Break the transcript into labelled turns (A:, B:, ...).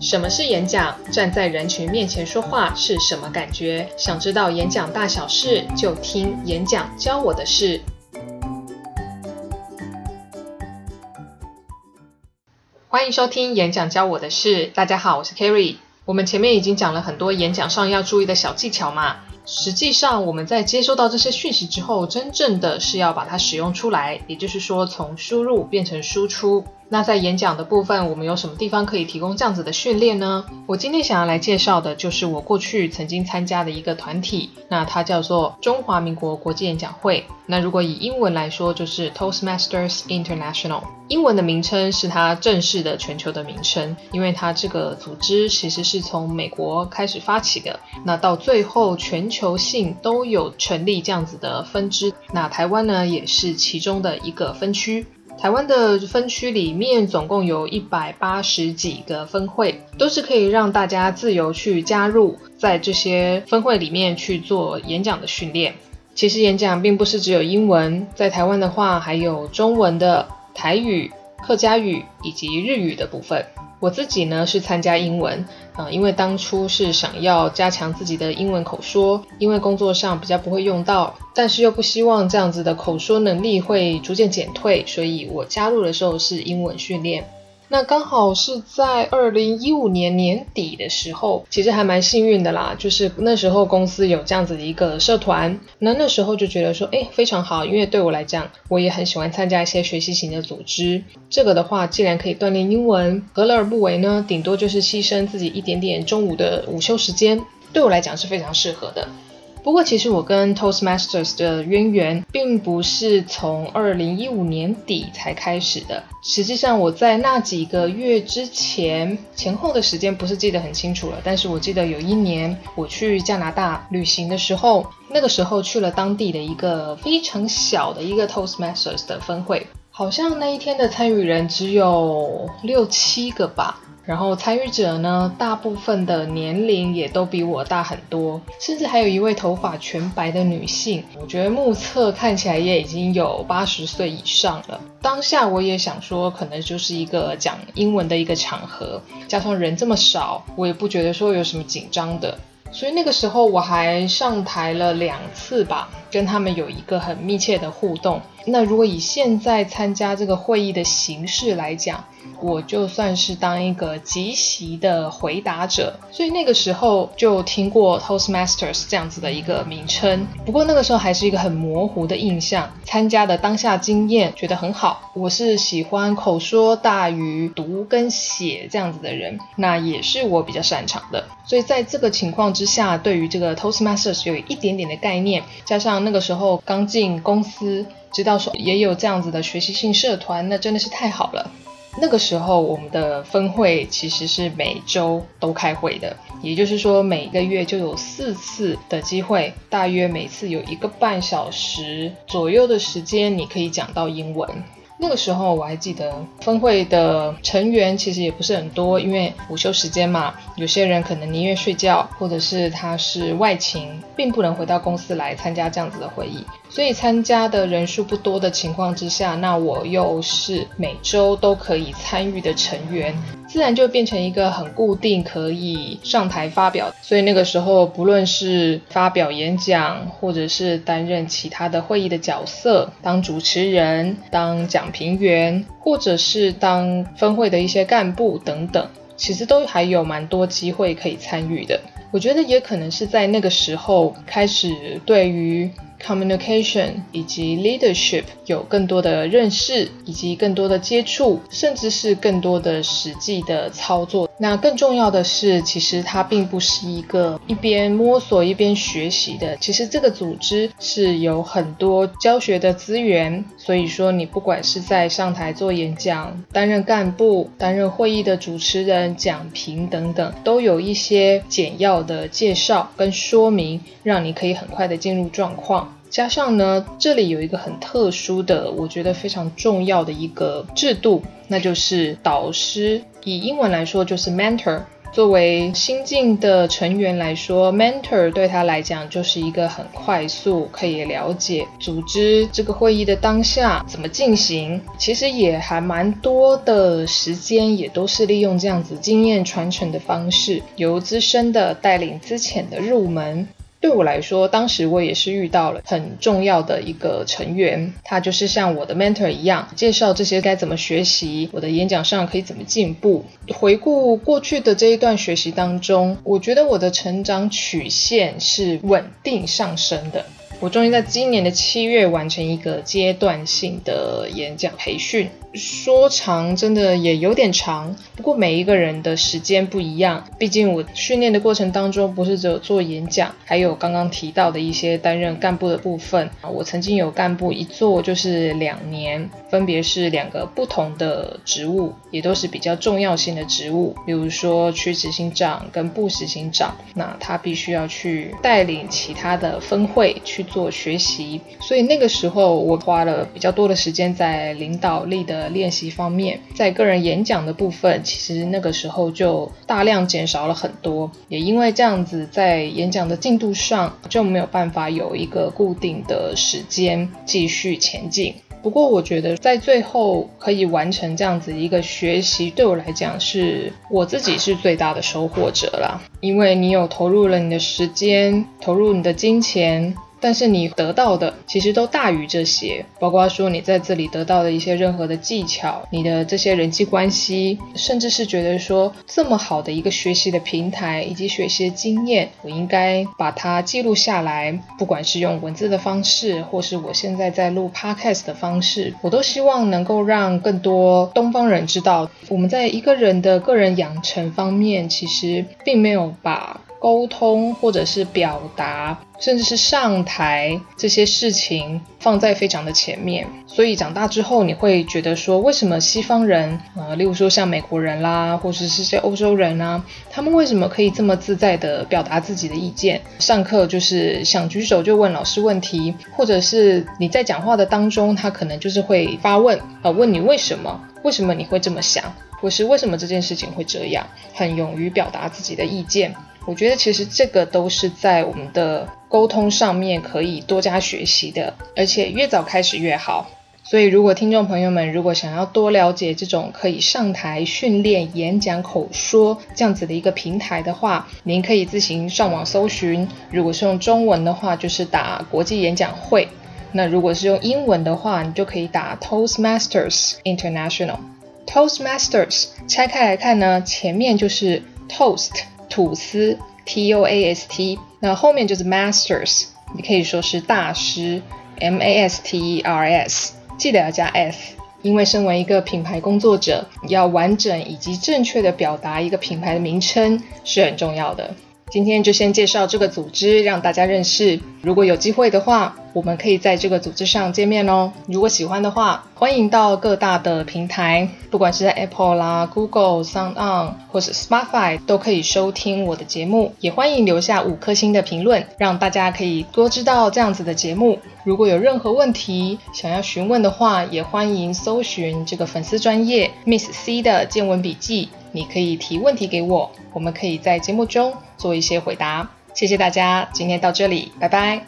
A: 什麼是演講？站在人群面前說話是什麼感覺？想知道演講大小事，就聽《演講教我的事》。歡迎收聽《演講教我的事》。大家好，我是 Kerry。我們前面已經講了很多演講上要注意的小技巧嘛。實際上，我們在接收到這些訊息之後，真正的是要把它使用出來，也就是說，從輸入變成輸出。那在演講的部分，我們有什麼地方可以提供這樣子的訓練呢？我今天想要來介紹的就是我過去曾經參加的一個團體，那它叫做中華民國國際演講會。那如果以英文來說，就是 Toastmasters International。英文的名稱是它正式的全球的名稱，因為它這個組織其實是從美國開始發起的，那到最後全球性都有成立這樣子的分支。那台灣呢，也是其中的一個分區。台灣的分區裡面總共有一百八十幾個分會，都是可以讓大家自由去加入，在這些分會裡面去做演講的訓練。其實演講並不是只有英文，在台灣的話還有中文的台語、客家語以及日語的部分。我自己呢是參加英文，啊、呃，因為當初是想要加強自己的英文口說，因為工作上比較不會用到，但是又不希望這樣子的口說能力會逐漸減退，所以我加入的時候是英文訓練。那剛好是在二零一五年年底的時候，其實還蠻幸運的啦。就是那時候公司有這樣子的一個社團，那那時候就覺得說，哎，非常好，因為對我來講，我也很喜歡參加一些學習型的組織。這個的話，既然可以鍛鍊英文，何樂而不為呢？頂多就是犧牲自己一點點中午的午休時間，對我來講是非常適合的。不過，其實我跟 Toastmasters 的淵源並不是從2015年底才開始的。實際上，我在那幾個月之前前後的時間不是記得很清楚了。但是我記得有一年我去加拿大旅行的時候，那個時候去了當地的一個非常小的一個 Toastmasters 的分會，好像那一天的參與人只有六七個吧。然後參與者呢，大部分的年齡也都比我大很多，甚至還有一位頭髮全白的女性，我覺得目測看起來也已經有八十歲以上了。當下我也想說，可能就是一個講英文的一個場合，加上人這麼少，我也不覺得說有什麼緊張的。所以那個時候我還上台了兩次吧，跟他們有一個很密切的互動。那如果以現在參加這個會議的形式來講，我就算是當一個即席的回答者，所以那個時候就聽過 Toastmasters 這樣子的一個名稱。不過那個時候還是一個很模糊的印象。參加的當下經驗覺得很好，我是喜歡口說大於讀跟寫這樣子的人，那也是我比較擅長的。所以在這個情況之下，對於這個 Toastmasters 有一點點的概念，加上那個時候剛進公司。知道說也有這樣子的學習性社團，那真的是太好了。那個時候我們的分會其實是每周都開會的，也就是說每個月就有四次的機會，大約每次有一個半小時左右的時間，你可以講到英文。那個時候我還記得，分會的成員其實也不是很多，因為午休時間嘛，有些人可能寧願睡覺，或者是他是外勤，並不能回到公司來參加這樣子的會議。所以參加的人數不多的情況之下，那我又是每周都可以參與的成員，自然就變成一個很固定，可以上台發表。所以那個時候，不論是發表演講，或者是擔任其他的會議的角色，當主持人，當講。平原，或者是當分會的一些幹部等等，其實都還有蠻多機會可以參與的。我覺得也可能是在那個時候開始對於。communication 以及 leadership 有更多的認識，以及更多的接觸，甚至是更多的實際的操作。那更重要的是，其實它並不是一個一邊摸索一邊學習的。其實這個組織是有很多教學的資源，所以說你不管是在上台做演講、擔任幹部、擔任會議的主持人、講評等等，都有一些簡要的介紹跟說明，讓你可以很快的進入狀況。加上呢，這裡有一個很特殊的，我覺得非常重要的一個制度，那就是導師。以英文來說就是 mentor。作為新進的成員來說，mentor 對他來講就是一個很快速可以了解組織這個會議的當下怎麼進行。其實也還蠻多的時間，也都是利用這樣子經驗傳承的方式，由資深的帶領資淺的入門。對我來說，當時我也是遇到了很重要的一個成員，他就是像我的 mentor 一樣，介紹這些該怎麼學習，我的演講上可以怎麼進步。回顧過去的這一段學習當中，我覺得我的成長曲線是穩定上升的。我終於在今年的七月完成一個階段性的演講培訓，說長真的也有點長，不過每一個人的時間不一樣，畢竟我訓練的過程當中不是只有做演講，還有剛剛提到的一些擔任幹部的部分。我曾經有幹部一做就是兩年，分別是兩個不同的職務，也都是比較重要性的職務，比如說區執行長跟部執行長，那他必須要去帶領其他的分會去。做學習，所以那個時候我花了比較多的時間在領導力的練習方面，在個人演講的部分，其實那個時候就大量減少了很多。也因為這樣子，在演講的進度上就沒有辦法有一個固定的時間繼續前進。不過我覺得在最後可以完成這樣子一個學習，對我來講是我自己是最大的收穫者啦，因為你有投入了你的時間，投入你的金錢。但是你得到的其實都大於這些，包括說你在這裡得到的一些任何的技巧，你的這些人際關係，甚至是覺得說這麼好的一個學習的平台以及學習的經驗，我應該把它記錄下來，不管是用文字的方式，或是我現在在錄 podcast 的方式，我都希望能夠讓更多東方人知道，我們在一個人的個人養成方面，其實並沒有把。溝通，或者是表達，甚至是上台這些事情放在非常的前面，所以長大之後你會覺得說，為什麼西方人啊、呃，例如說像美國人啦，或者是些歐洲人啊，他們為什麼可以這麼自在地表達自己的意見？上課就是想舉手就問老師問題，或者是你在講話的當中，他可能就是會發問呃，問你為什麼？為什麼你會這麼想？或是為什麼這件事情會這樣？很勇於表達自己的意見。我覺得其實這個都是在我們的溝通上面可以多加學習的，而且越早開始越好。所以，如果聽眾朋友們如果想要多了解這種可以上台訓練演講口說這樣子的一個平台的話，您可以自行上網搜尋。如果是用中文的話，就是打“國際演講會”。那如果是用英文的話，你就可以打 “Toastmasters International”。Toastmasters 拆開來看呢，前面就是 Toast。吐司 T O A S T，那後面就是 Masters，你可以說是大師 M A S T E R S，記得要加 S，因為身為一個品牌工作者，你要完整以及正確的表達一個品牌的名稱是很重要的。今天就先介紹這個組織，讓大家認識。如果有機會的話，我們可以在這個組織上見面哦。如果喜歡的話，歡迎到各大的平台，不管是在 Apple 啦、Google、SoundOn，或是 Spotify 都可以收聽我的節目。也歡迎留下五顆星的評論，讓大家可以多知道這樣子的節目。如果有任何問題想要詢問的話，也歡迎搜尋這個粉絲專業 Miss C 的見聞筆記。你可以提問題給我，我們可以在節目中做一些回答。謝謝大家，今天到這裡，拜拜。